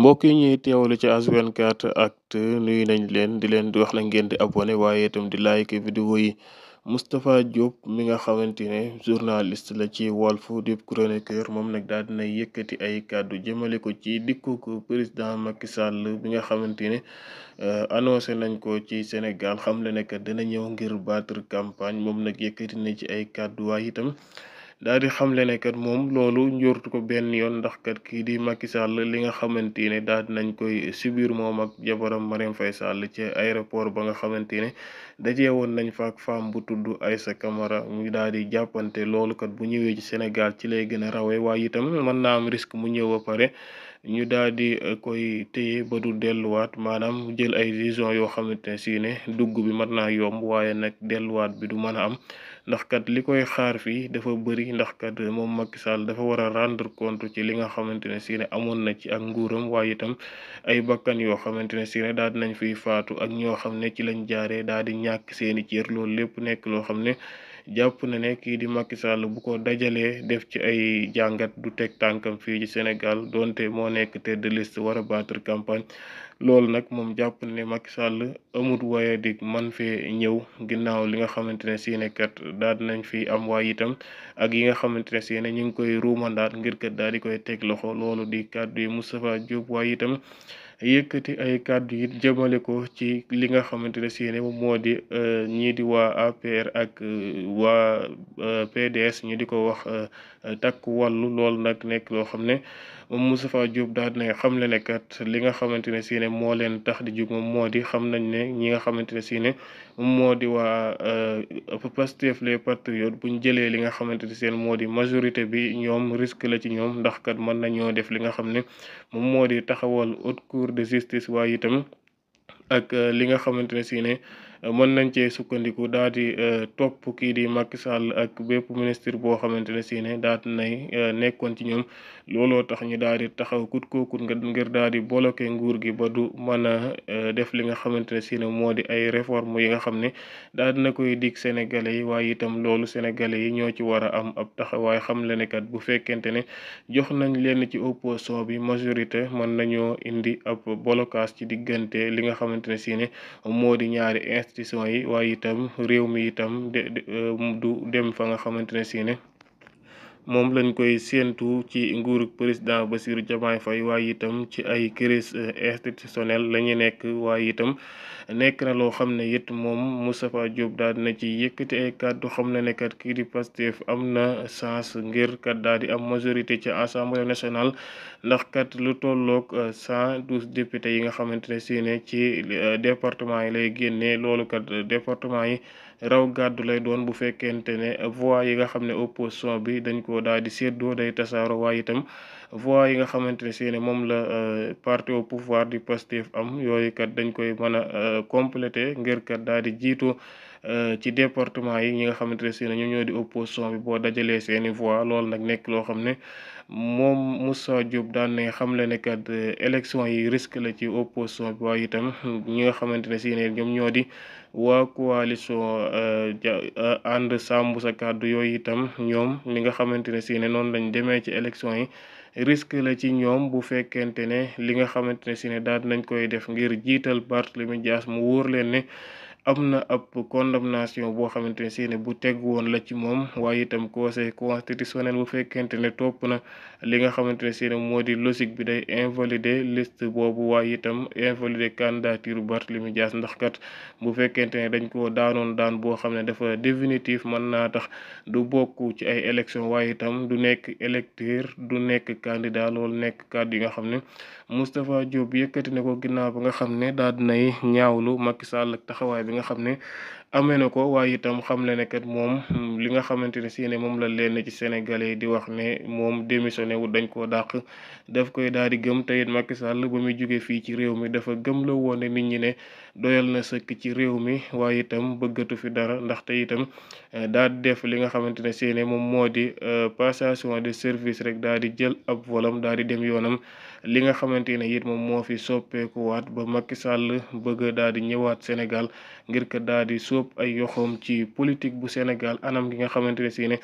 mbokk yi ñuy teewlu ci H24 actu nuyu nañ leen di leen di wax la ngeen di abonné waaye itam di like vidéo yi Moustapha Diop mi nga xamante ne journaliste la ci Walf di chroniqueur moom nag daal dina yëkkati ay kàddu jëmale ko ci dikkuk président Macky Sall bi nga xamante ne euh, annoncé nañ ko ci Sénégal xam la ne que ñëw ngir battre campagne moom nag yëkkati na ci ay kàddu waaye itam. daal di xamle ne kat moom loolu njortu ko benn yoon ndax kat kii di Macky Sall li nga xamante ne daal di nañ koy subir moom ak jabaram Marème Faye sal ci aéroport ba nga xamante ne dajee woon nañ fa ak femme bu tudd Aïssa Camara mu daal di jàppante loolu kat bu ñëwee ci Sénégal ci lay gën a rawee waaye itam mën naa am risque mu ñëw ba pare. ñu daal di eh, koy téye ba du delluwaat maanaam jël ay vision yoo xamante ne si ne dugg bi mën naa yomb waaye nag delluwaat bi du mën a am ndax kat li koy xaar fii dafa bëri ndax kat moom Macky Sall dafa war a rendre compte ci li nga xamante ne si ne amoon na ci ak nguuram waaye itam ay bakkan yoo xamante ne si ne daal dinañ fiy faatu ak ñoo xam ne ci lañ jaaree daal di ñàkk seeni cër loolu lépp nekk loo xam ne. jàpp na ne kii di Macky Sall bu ko dajalee def ci ay jàngat du teg tànkam fii ci Sénégal donte moo nekk tête de liste war a battre campagne loolu nag moom jàpp na ne Macky Sall amut waaye di man fee ñëw ginnaaw li nga xamante ne si ne kat daal nañ fi am waay itam ak yi nga xamante ne si ne ñu ngi koy ruumandaat ngir kat daal di koy teg loxo loolu di kàddu yi Moustapha Diop waay itam. yëkkati ay kàddu it jëmale ko ci li nga xamante ne si ne moom moo di euh, ñii di waa APR ak euh, waa euh, PDS ñu di ko wax takk wàllu lool nag nekk loo xam ne moom Moustapha Diop daal dina xam le ne kat li nga xamante ne si ne moo leen tax di jug moom moo di xam nañ ne ñi nga xamante ne si ne moo di waa Pastef les patriotes bu ñu jëlee li nga xamante ne si moo di majorité bi ñoom risque la ci ñoom ndax kat mën nañoo def li nga xam ne moom moo di taxawal haute cour de justice waaye itam ak euh, li nga xamante ne si ne mën nañ cee sukkandiku daal di euh, topp kii di Macky Sall ak bépp ministre boo xamante ne si ne daal nay euh, nekkoon ci ñum looloo tax ñu daal di taxaw kut ko kut nga ngir daal di bloqué nguur gi ba du mën a euh, def li nga xamante ne si moo di ay réforme yi nga xam ne daal dina koy dig sénégalais yi waaye itam loolu sénégalais yi ñoo ci war a am ab taxawaay xam le ne kat bu fekkente ne jox nañ leen ci opposition bi majorité mën nañoo indi ab blocage ci diggante li nga xamante ne si ne moo di restriction yi waaye itam réew mi itam euh, du dem fa nga xamante ne si ne moom lañ koy séentu ci nguurug président Bassirou Diomaye Faye waay itam ci ay crise eh, institutionnelle la ñu nekk waaye itam nekk na loo xam ne it moom Moustapha Diop daal na ci yëkkati ay kàddu xam ne ne kat kii di Pastef am na chance ngir kat daal di am majorité ci assemblée nationale ndax kat lu tolloog eh, cent douze député yi nga xamante ne si ci eh, département yi lay génnee loolu kat département yi. raw gàddu lay doon bu fekkente ne voix yi nga xam ne opposition bi dañ ko daal di séddoo day tasaaro waaye itam voix yi nga xamante ne si ne moom la euh, parti au pouvoir du Pastef am yooyu kat dañ koy mën a euh, complété ngir kat daal di jiitu euh, ci département yi ñi nga xamante ne si ne ñoo di opposition bi boo dajalee seeni voix loolu nag nekk loo xam ne moom Moussa Diop daan ne xam le ne kat élection yi risque la ci opposition bi waaye itam ñi nga xamante ne si ñoom ñoo di waa coalition euh, euh, ànd sàmm sa kàddu yooyu itam ñoom li nga xamante ne si ne noonu lañ demee ci élection yi risque la ci ñoom bu fekkente ne li nga xamante ne si ne daal nañ koy def ngir jiital Barthélémy Dias mu wóor leen ne am na ab condamnation boo xamante ne si bu teg woon la ci moom waaye itam conseil constitutionnel bu fekkente ne topp na li nga xamante ne si moo di logique bi day invalider liste boobu waaye itam invalider candidature Barthélemy Dias ndax kat bu fekkente ne dañ ko daanoon daan boo xam ne dafa définitif mën naa tax du bokk ci ay élection waaye itam du nekk électeur du nekk candidat loolu nekk kàddu yi nga xam ne Moustapha Diop yëkkati na ko ginnaaw ba nga xam ne daal dinay ñaawlu Macky Sall ak taxawaay bi nga xam ne amee na ko waaye itam xam le ne kat moom hmm, li nga xamante ne si moom la leen ci sénégalais di wax ne moom démissionné wu dañ koo dàq daf koy daal di gëm tey it Macky Sall ba mu jógee fii ci réew mi dafa gëm la woon ne nit ñi ne doyal na sëkk ci réew mi waaye itam bëggatu fi dara ndaxte itam Eh, daal di def li nga xamante ne seeni moom moo di eh, passation de service rek daal di jël ab volam daal di dem yoonam li nga xamante ne it moom moo fi soppeekuwaat ba Macky Sall bëgg daal di ñëwaat Sénégal ngir ko daal di sóob ay yoxoom ci politique bu Sénégal anam gi nga xamante ne seeni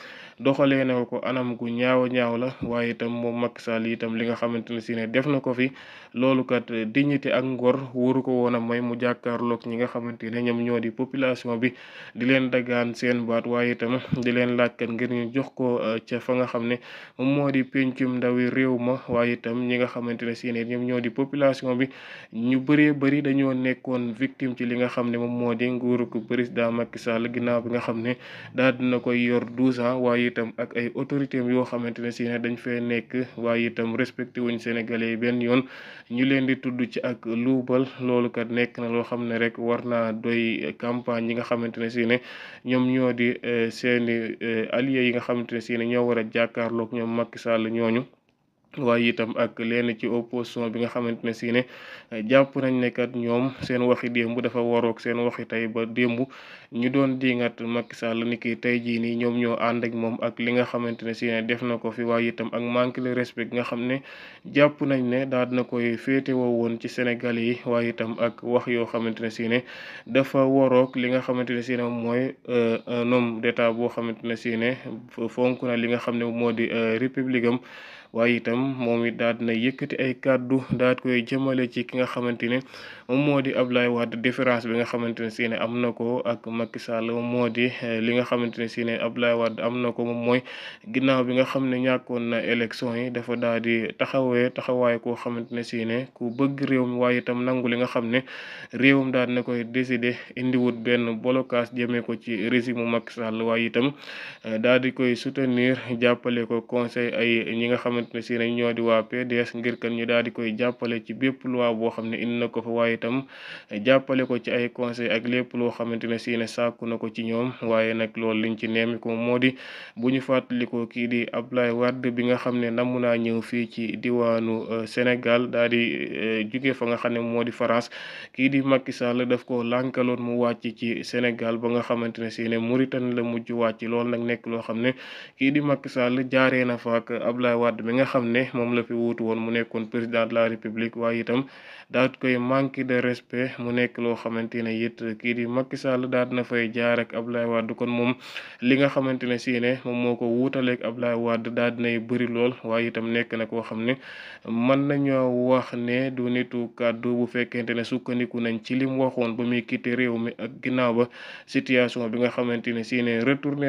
doxalee na ko anam gu ñaaw a ñaaw la waaye itam moom Macky Sall itam li nga xamante ne seeni def na ko fi loolu kat dignité ak ngor wóoru ko woon a may mu jàkkaarloog ñi nga xamante ne ñoom ñoo di population bi di leen dagaan seen delluwaat waaye itam di leen laaj kat ngir ñu jox ko uh, ca fa nga xam ne moo di pencum ndawi réew ma waaye tam ñi nga xamante ne si ne ñoom ñoo di population bi ñu bëree bëri dañoo nekkoon victime ci li nga xam ne moom moo di nguuru ko président Macky Sall ginnaaw bi nga xam ne daal dina koy yor douze ans waaye itam ak ay autorités yoo xamante ne si ne dañ fee nekk waaye itam respecté wuñ Sénégalais benn yoon ñu leen di tudd ci ak luubal loolu kat nekk na loo xam ne rek war naa doy campagne yi nga xamante ñoom ñoo di eh, seeni eh, alliés yi nga xamante ne si ne ñoo war a jàkkaarloog ñoom Macky Sall ñooñu waaye itam ak lenn ci opposition bi nga xamante ne si ne jàpp nañ ne kat ñoom seen waxi démb dafa warook seen waxi tey ba démb ñu doon diingat Macky Sall ni ki tey jii nii ñoom ñoo ànd moom ak li nga xamante ne si def na ko fi waay itam ak manque le respect nga xam ne jàpp nañ ne daal na koy féetewoo woon ci Sénégal yi waaye itam ak wax yoo xamante ne si ne dafa waroog li nga xamante ne si ne mooy euh, un homme d'état boo xamante ne si ne fonk na li nga xam ne moo di euh, république am waaye itam moom it daal dina yëkkati ay kaddu daal koy jëmale ci ki nga xamante ne moom moo di Abdoulaye Wade différence bi nga xamante ne si ne am na ko ak Macky Sall moo di eh, li nga xamante ne si ne Abdoulaye Wade am na ko moom mooy ginnaaw bi nga xam ne ñàkkoon na élection yi dafa daal di taxawee taxawaay koo xamante ne si ne ku bëgg réew mi waaye itam nangu li nga xam ne réewam daal dina koy décider indiwut benn blocage jëmee ko ci régime mu Macky Sall waaye itam eh, daal koy soutenir jàppale ko conseil ay ñi nga xam xamante ne si nañ ñoo di waa PDS ngir kan ñu xam ne indi na ko fa waaye jàppale ko ci ay conseil ak lépp loo xamante ne si ne sàkku na ko ci ñoom waaye nag loolu liñ ci neemi moo di bu ñu fàttalikoo kii di Abdoulaye Wade bi nga xam ne namm naa ñëw fii ci diwaanu euh, Sénégal daal di euh, jóge fa nga xam ne moo di France kii di Macky Sall daf ko lànkaloon mu wàcc ci Sénégal ba nga xamante ne si ne Mauritanie la mujj wàcc lool nag nekk loo xam ne kii di Macky na fa ak Abdoulaye mi nga xam ne moom la fi wuutu woon mu nekkoon président de la république waaye itam daat koy manque de respect mu nekk loo xamante ne it kii di Macky Sall daat na fay jaar ab Abdoulaye Wade kon moom li nga xamante ne si ne moom moo ko wuutaleeg Abdoulaye Wade daal dinay bëri lool waaye itam nekk na koo xam ne mën nañoo wax ne du nitu kàddu bu fekkente ne sukkandiku nañ ci li mu waxoon ba muy quitté réew mi ak ginnaaw ba situation bi nga xamante ne si ne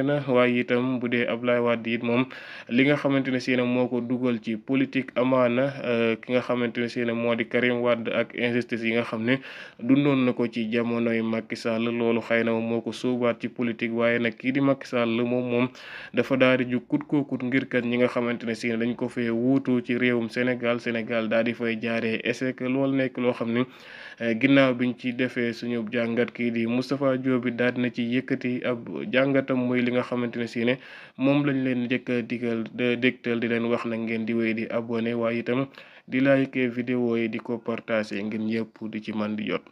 na waaye dugal ci politique amaana euh, ki nga xamante ne si ne moo di Karim Wade ak injustice yi nga xam ne dundoon na ko ci jamonoy Macky Sall loolu xëy na moo ko sóobaat ci politique waaye nag kii di Macky Sall moom moom dafa daal di jug kut kookut ngir kat ñi nga xamante ne si ne dañ ko fee wuutu ci réewum Sénégal Sénégal daal di fay jaaree est-ce nekk loo xam ne euh, ginnaaw biñ ci defee suñu jàngat kii di Moustapha Diop bi daal dina ci yëkkati ab jàngatam muy li nga xamante ne si ne moom lañ leen jëkk digal dégtal di leen wax ne ngeen di wéy di abonné waaye itam di like vidéo yi di ko partager ngeen yëpp di ci man di jot